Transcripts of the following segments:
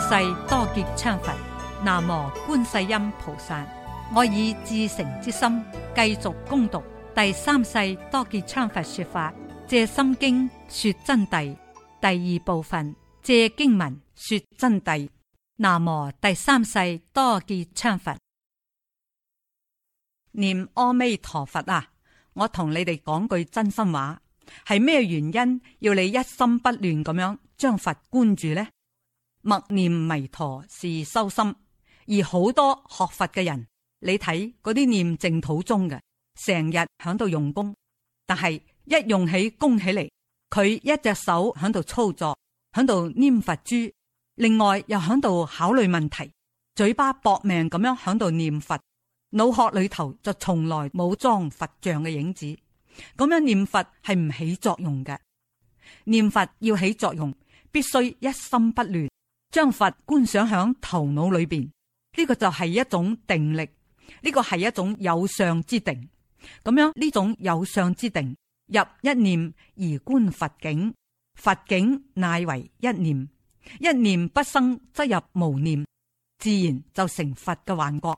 第三世多杰羌佛，南無觀世音菩薩。我以至誠之心，繼續攻讀第三世多杰羌佛說法，借心經說真諦，第二部分，借經文說真諦。南無第三世多杰羌佛，念阿彌陀佛啊！我同你哋講句真心話，係咩原因要你一心不亂咁樣將佛觀住呢？默念彌陀是修心，而好多學佛嘅人，你睇嗰啲念淨土宗嘅，成日響度用功，但係一用起功起嚟，佢一隻手響度操作，響度拈佛珠，另外又響度考慮問題，嘴巴搏命咁樣響度念佛，腦殼裏頭就從來冇裝佛像嘅影子，咁樣念佛係唔起作用嘅。念佛要起作用，必須一心不亂。將佛觀想響頭腦裏邊，呢、這個就係一種定力，呢、這個係一種有相之定。咁樣呢種有相之定入一念而觀佛境，佛境乃為一念，一念不生則入無念，自然就成佛嘅幻覺。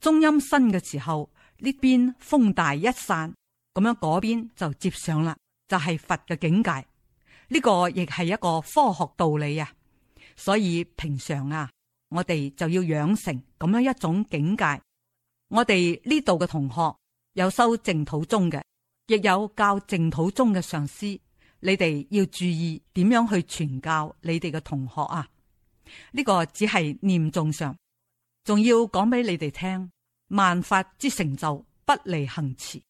中陰身嘅時候，呢邊風大一散，咁樣嗰邊就接上啦，就係、是、佛嘅境界。呢、這個亦係一個科學道理啊！所以平常啊，我哋就要養成咁樣一種境界。我哋呢度嘅同學有修淨土宗嘅，亦有教淨土宗嘅上師，你哋要注意點樣去傳教你哋嘅同學啊。呢、這個只係念誦上，仲要講俾你哋聽，萬法之成就不離行持。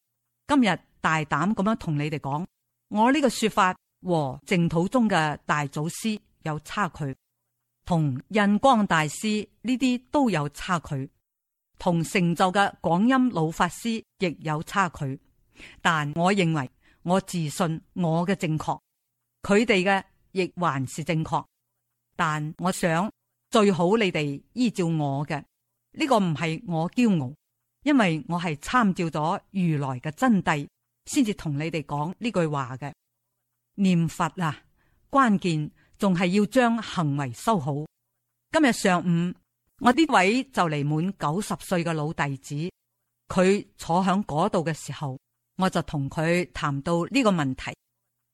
今日大膽咁樣同你哋講，我呢個說法和淨土宗嘅大祖師有差距。同印光大師呢啲都有差距，同成就嘅廣音老法師亦有差距。但我認為我自信我嘅正確，佢哋嘅亦還是正確。但我想最好你哋依照我嘅呢個，唔係我驕傲，因為我係參照咗如來嘅真諦，先至同你哋講呢句話嘅。念佛啊，關鍵仲係要將行為修好。今日上午，我呢位就嚟滿九十歲嘅老弟子，佢坐響嗰度嘅時候，我就同佢談到呢個問題。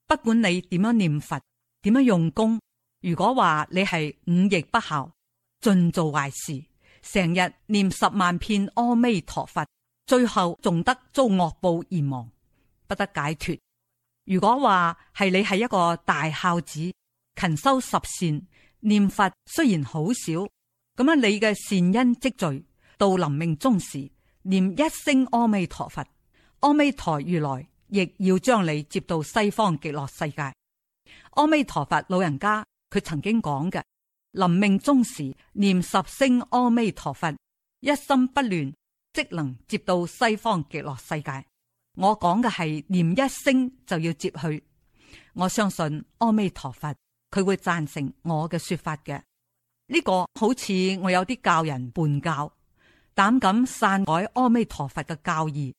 不管你點樣念佛，點樣用功，如果話你係忤逆不孝，盡做壞事，成日念十萬遍阿彌陀佛，最後仲得遭惡報而亡，不得解脫。如果話係你係一個大孝子。勤修十善，念佛雖然好少，咁樣你嘅善因積聚到臨命終時，念一聲阿彌陀佛，阿彌陀如來亦要將你接到西方極樂世界。阿彌陀佛老人家佢曾經講嘅，臨命終時念十聲阿彌陀佛，一心不亂，即能接到西方極樂世界。我講嘅係念一聲就要接去，我相信阿彌陀佛。佢會贊成我嘅說法嘅，呢、這個好似我有啲教人叛教，膽敢篡改阿彌陀佛嘅教義。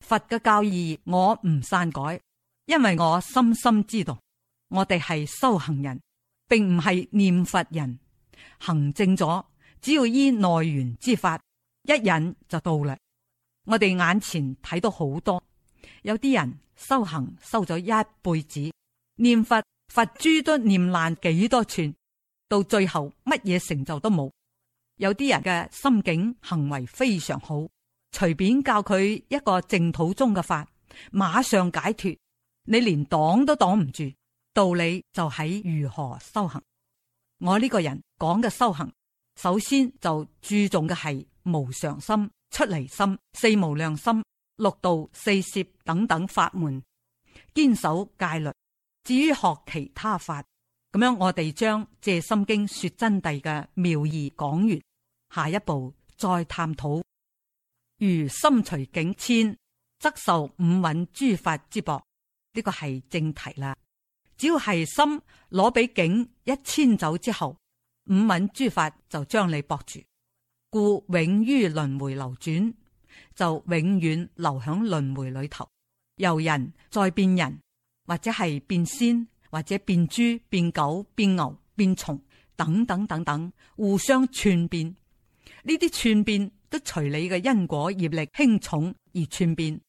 佛嘅教義我唔篡改，因為我深深知道，我哋係修行人，並唔係念佛人。行正咗，只要依內緣之法，一忍就到啦。我哋眼前睇到好多，有啲人修行修咗一輩子念佛。佛珠都念爛幾多串，到最後乜嘢成就都冇。有啲人嘅心境行為非常好，隨便教佢一個淨土宗嘅法，馬上解脫。你連擋都擋唔住，道理就喺如何修行。我呢個人講嘅修行，首先就注重嘅係無常心、出離心、四無量心、六度四攝等等法門，堅守戒律。至於學其他法咁樣，我哋將《藉心經》說真諦嘅妙義講完，下一步再探討。如心隨境遷，則受五蘊諸法之縛。呢個係正題啦。只要係心攞俾境一遷走之後，五蘊諸法就將你縛住，故永於輪迴流轉，就永遠留響輪迴裏頭，由人再變人，或者係變仙，或者變豬、變狗、變牛、變蟲，等等等等，互相串變。呢啲串變都隨你嘅因果業力輕重而串變。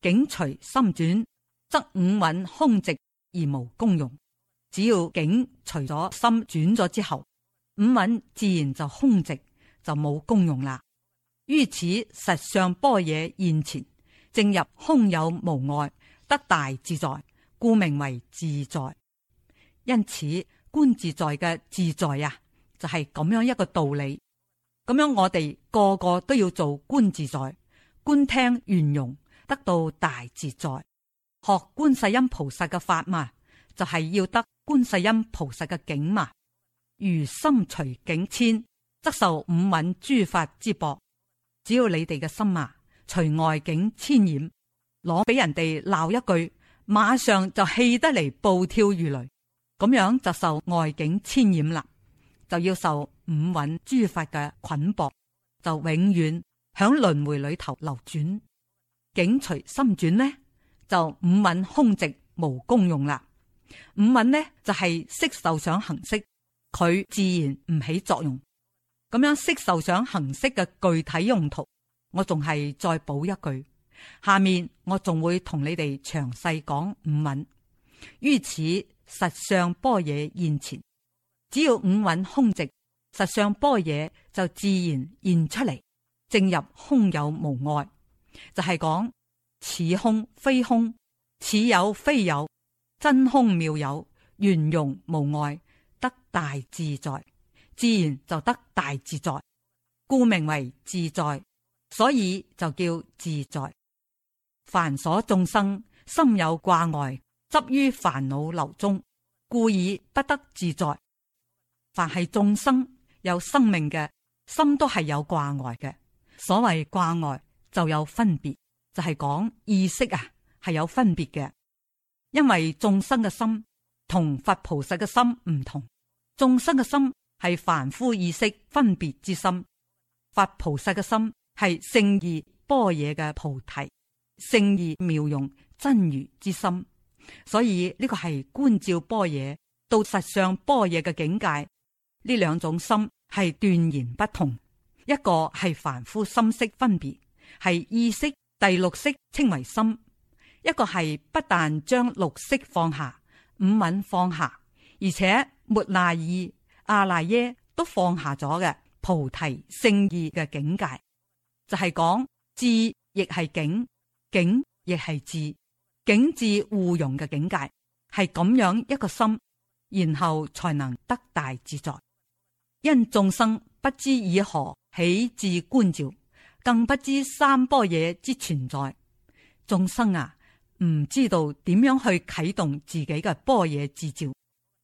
境隨心轉，則五蘊空寂而無功用。只要境隨咗心轉咗之後，五蘊自然就空寂，就冇功用啦。於此實上般若現前，正入空有無礙，得大自在。故名為自在，因此觀自在嘅自在啊，就係、是、咁樣一個道理。咁樣我哋個個都要做觀自在，觀聽圓融，得到大自在。學觀世音菩薩嘅法嘛，就係、是、要得觀世音菩薩嘅境嘛。如心隨境遷，則受五蘊諸法之縛。只要你哋嘅心啊，隨外境遷染，攞俾人哋鬧一句。馬上就氣得嚟，暴跳如雷，咁樣就受外境牽染啦，就要受五蘊諸法嘅捆縛，就永遠響輪回裏頭流轉。境隨心轉呢，就五蘊空寂無功用啦。五蘊呢就係、是、色受想行識，佢自然唔起作用。咁樣色受想行識嘅具體用途，我仲係再補一句。下面我仲會同你哋詳細講五蘊，於此實相般若現前，只要五蘊空寂，實相般若就自然現出嚟，正入空有無礙，就係、是、講此空非空，此有非有，真空妙有，圓融無礙，得大自在，自然就得大自在，故名為自在，所以就叫自在。凡所眾生心有掛礙，執於煩惱流中，故以不得，得自在。凡係眾生有生命嘅心，都係有掛礙嘅。所謂掛礙就有分別，就係、是、講意識啊，係有分別嘅。因為眾生嘅心同佛菩薩嘅心唔同，眾生嘅心係凡夫意識分別之心，佛菩薩嘅心係聖義般若嘅菩提，聖意妙用真如之心，所以呢、這個係觀照般若，到實相般若嘅境界。呢兩種心係斷然不同，一個係凡夫心識分別，係意識第六識稱為心；一個係不但將六識放下，五蘊放下，而且末那二阿賴耶都放下咗嘅菩提聖意嘅境界，就係、是、講智亦係境。境亦係智，境智互融嘅境界係咁樣一個心，然後才能得大自在。因眾生不知以何起智觀照，更不知三般若之存在。眾生啊，唔知道點樣去啟動自己嘅般若自照，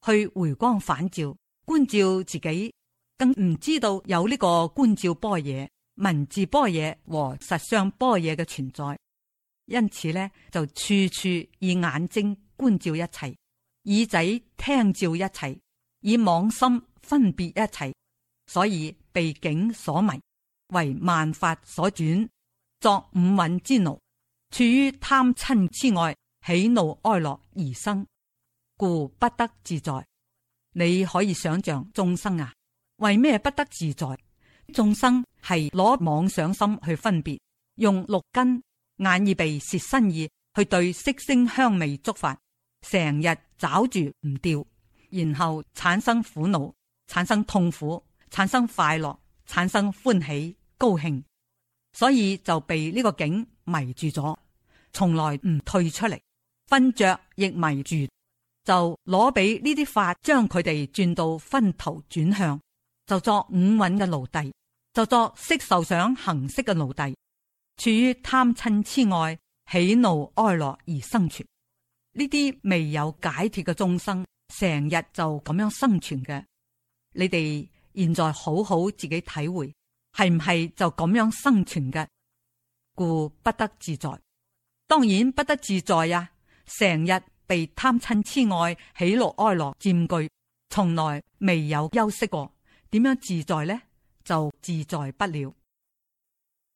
去回光返照觀照自己，更唔知道有呢個觀照般若、文字般若和實相般若嘅存在。因此咧，就處處以眼睛觀照一切，耳仔聽照一切，以妄心分別一切，所以被境所迷，為萬法所轉，作五蘊之奴，處於貪嗔之愛，喜怒哀樂而生，故不得自在。你可以想象眾生啊，為咩不得自在？眾生係攞妄想心去分別，用六根。眼耳鼻舌身意去對色聲香味觸法，成日找住唔掉，然後產生苦惱，產生痛苦，產生快樂，產生歡喜高興，所以就被呢個境迷住咗，從來唔退出嚟，瞓着亦迷住，就攞俾呢啲法將佢哋轉到分頭轉向，就作五蘊嘅奴隸，就作色受想行識嘅奴隸。處於貪嗔癡愛、喜怒哀樂而生存，呢啲未有解脫嘅眾生，成日就咁樣生存嘅。你哋現在好好自己體會，係唔係就咁樣生存嘅？故不得自在，當然不得自在呀。成日被貪嗔癡愛、喜怒哀樂佔據，從來未有休息過，點樣自在呢？就自在不了。